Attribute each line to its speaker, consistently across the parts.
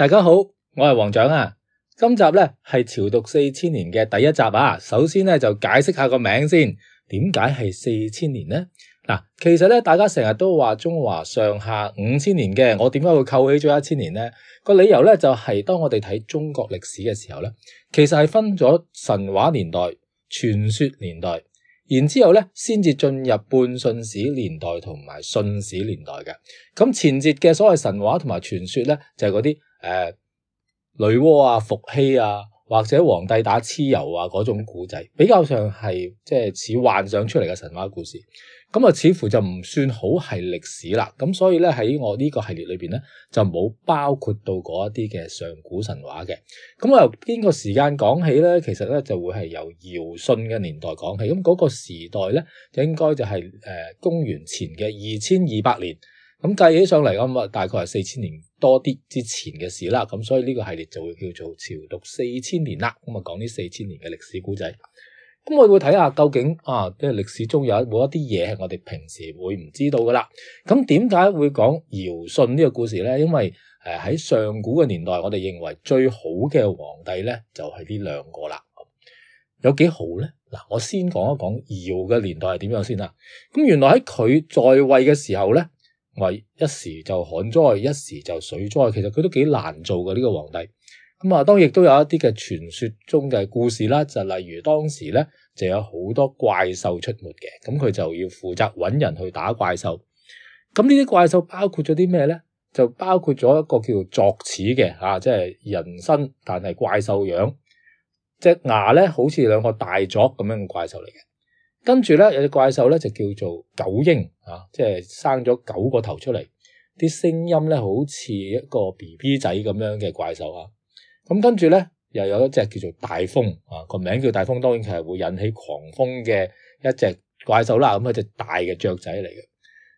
Speaker 1: 大家好，我係黃獎啊。今集咧係朝讀四千年嘅第一集啊。首先咧就解釋下個名先，點解係四千年呢？嗱，其實咧大家成日都話中華上下五千年嘅，我點解會扣起咗一千年呢？個理由咧就係、是、當我哋睇中國歷史嘅時候咧，其實係分咗神話年代、傳說年代，然之後咧先至進入半信史年代同埋信史年代嘅。咁前節嘅所謂神話同埋傳說咧，就係嗰啲。誒，女媧、呃、啊、伏羲啊，或者皇帝打蚩尤啊嗰種古仔，比較上係即係似幻想出嚟嘅神話故事，咁啊似乎就唔算好係歷史啦。咁所以咧喺我呢個系列裏邊咧，就冇包括到嗰一啲嘅上古神話嘅。咁我由邊個時間講起咧？其實咧就會係由堯舜嘅年代講起。咁、那、嗰個時代咧，應該就係、是、誒、呃、公元前嘅二千二百年。咁計起上嚟，咁啊，大概係四千年多啲之前嘅事啦。咁所以呢個系列就會叫做《朝讀四千年》啦。咁、嗯、啊，講呢四千年嘅歷史古仔。咁我會睇下究竟啊，即係歷史中有冇一啲嘢係我哋平時會唔知道噶啦。咁點解會講堯舜呢個故事咧？因為誒喺、呃、上古嘅年代，我哋認為最好嘅皇帝咧就係、是、呢兩個啦、嗯。有幾好咧？嗱，我先講一講堯嘅年代係點樣先啦。咁原來喺佢在位嘅時候咧。話一時就旱災，一時就水災，其實佢都幾難做嘅呢個皇帝。咁啊，當然亦都有一啲嘅傳說中嘅故事啦，就例如當時咧就有好多怪獸出沒嘅，咁佢就要負責搵人去打怪獸。咁呢啲怪獸包括咗啲咩咧？就包括咗一個叫作鑿齒嘅吓，即係人身但係怪獸樣，隻牙咧好似兩個大鑿咁樣嘅怪獸嚟嘅。跟住咧，有隻怪獸咧就叫做九嬰啊，即係生咗九個頭出嚟，啲聲音咧好似一個 B B 仔咁樣嘅怪獸啊。咁跟住咧，又有一隻叫做大風啊，個名叫大風，當然係會引起狂風嘅一隻怪獸啦。咁、啊嗯、一隻大嘅雀仔嚟嘅。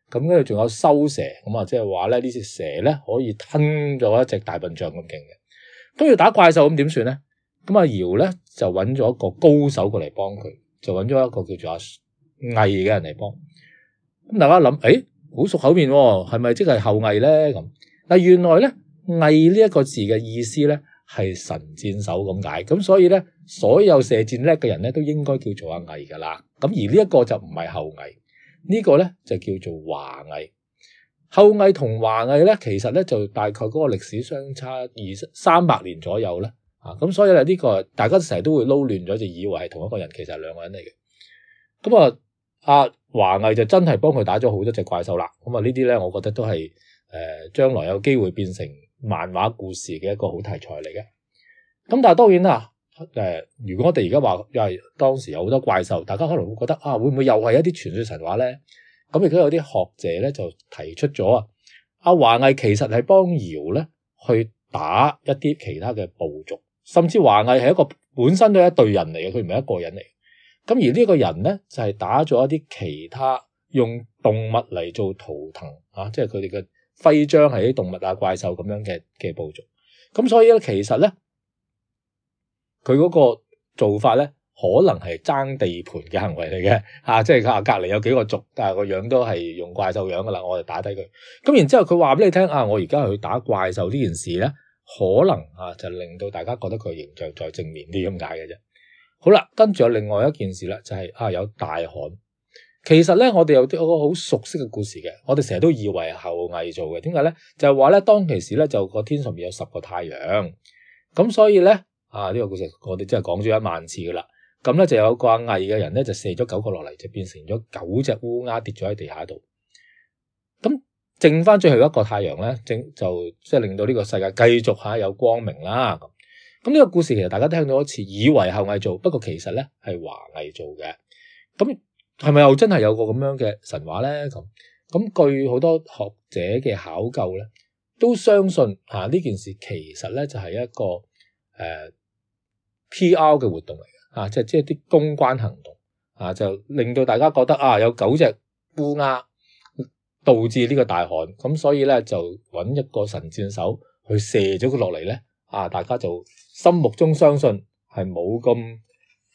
Speaker 1: 咁跟住仲有修蛇，咁啊，即係話咧呢隻蛇咧可以吞咗一隻大笨象咁勁嘅。咁、啊、要打怪獸咁點算咧？咁阿堯咧就揾咗一個高手過嚟幫佢。就揾咗一個叫做阿羿嘅人嚟幫，咁大家諗，哎、欸，好熟口面喎、哦，係咪即係後羿咧？咁但原來咧，羿呢一個字嘅意思咧係神箭手咁解，咁所以咧，所有射箭叻嘅人咧都應該叫做阿羿㗎喇，咁而呢一個就唔係後羿，呢、這個咧就叫做華羿。後羿同華羿咧，其實咧就大概嗰個歷史相差二三百年左右咧。啊，咁所以咧、這個，呢個大家成日都會撈亂咗，就以為係同一個人，其實係兩個人嚟嘅。咁啊，阿華羿就真係幫佢打咗好多隻怪獸啦。咁啊，呢啲咧，我覺得都係誒、呃、將來有機會變成漫畫故事嘅一個好題材嚟嘅。咁、啊、但係當然啦，誒、啊，如果我哋而家話又係當時有好多怪獸，大家可能會覺得啊，會唔會又係一啲傳說神話咧？咁亦都有啲學者咧就提出咗啊，阿華羿其實係幫堯咧去打一啲其他嘅部族。甚至華羿係一個本身都係一隊人嚟嘅，佢唔係一個人嚟。咁而呢個人呢就係、是、打咗一啲其他用動物嚟做圖騰啊，即係佢哋嘅徽章係啲動物啊怪獸咁樣嘅嘅部族。咁、啊、所以呢，其實呢，佢嗰個做法呢，可能係爭地盤嘅行為嚟嘅。吓、啊，即係吓隔籬有幾個族，但係個樣都係用怪獸樣噶啦，我哋打低佢。咁、啊、然之後佢話俾你聽啊，我而家去打怪獸呢件事呢，可能啊，就令到大家覺得佢形象再正面啲咁解嘅啫。好啦，跟住有另外一件事啦，就係啊有大旱。其實咧，我哋有啲一個好熟悉嘅故事嘅，我哋成日都以為係後羿做嘅。點解咧？就係話咧，當其時咧就個天上面有十個太陽，咁所以咧啊，呢個故事我哋真係講咗一萬次噶啦。咁咧就有個阿羿嘅人咧就射咗九個落嚟，就變成咗九隻烏鴉跌咗喺地下度。咁剩翻最後一個太陽咧，整就即係令到呢個世界繼續下有光明啦。咁呢個故事其實大家都聽到一次，以為後羿做，不過其實咧係華羿做嘅。咁係咪又真係有個咁樣嘅神話咧？咁咁據好多學者嘅考究咧，都相信啊呢件事其實咧就係、是、一個誒、呃、P.R. 嘅活動嚟嘅，啊即係即係啲公關行動啊，就令到大家覺得啊有九隻烏鴉。導致呢個大旱，咁所以呢，就揾一個神箭手去射咗佢落嚟呢，啊大家就心目中相信係冇咁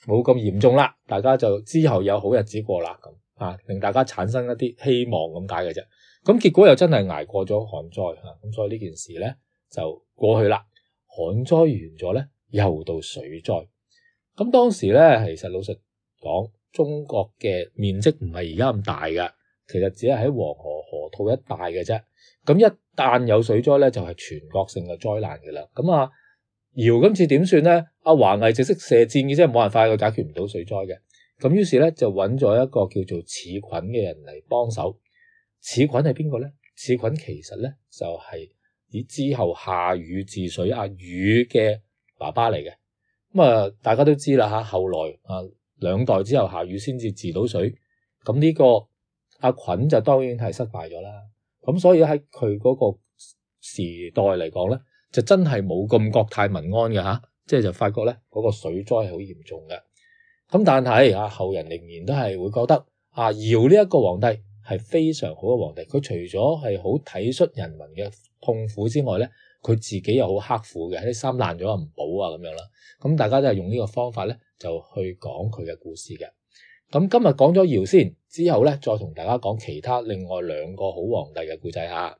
Speaker 1: 冇咁嚴重啦，大家就之後有好日子過啦咁，啊令大家產生一啲希望咁解嘅啫。咁結果又真係捱過咗旱災啊，咁所以呢件事呢就過去啦。旱災完咗呢，又到水災。咁當時呢，其實老實講，中國嘅面積唔係而家咁大嘅。其實只係喺黃河河套一帶嘅啫，咁一旦有水災咧，就係、是、全國性嘅災難嘅啦。咁啊，堯今次點算咧？阿、啊、華羿直識射箭嘅啫，冇辦法佢解決唔到水災嘅。咁於是咧就揾咗一個叫做鯀嘅人嚟幫手。鯀係邊個咧？鯀其實咧就係、是、以，以之後夏禹治水阿禹嘅爸爸嚟嘅。咁啊，大家都知啦嚇。後來啊，兩代之後夏禹先至治到水。咁呢、這個。阿鯀就當然係失敗咗啦，咁所以喺佢嗰個時代嚟講咧，就真係冇咁國泰民安嘅嚇、啊，即係就發覺咧嗰、那個水災係好嚴重嘅。咁但係阿、啊、後人仍然都係會覺得阿堯呢一個皇帝係非常好嘅皇帝，佢除咗係好體恤人民嘅痛苦之外咧，佢自己又好刻苦嘅，啲衫爛咗啊唔補啊咁樣啦。咁大家都係用呢個方法咧就去講佢嘅故事嘅。咁今日講咗堯先，之後咧再同大家講其他另外兩個好皇帝嘅故仔吓。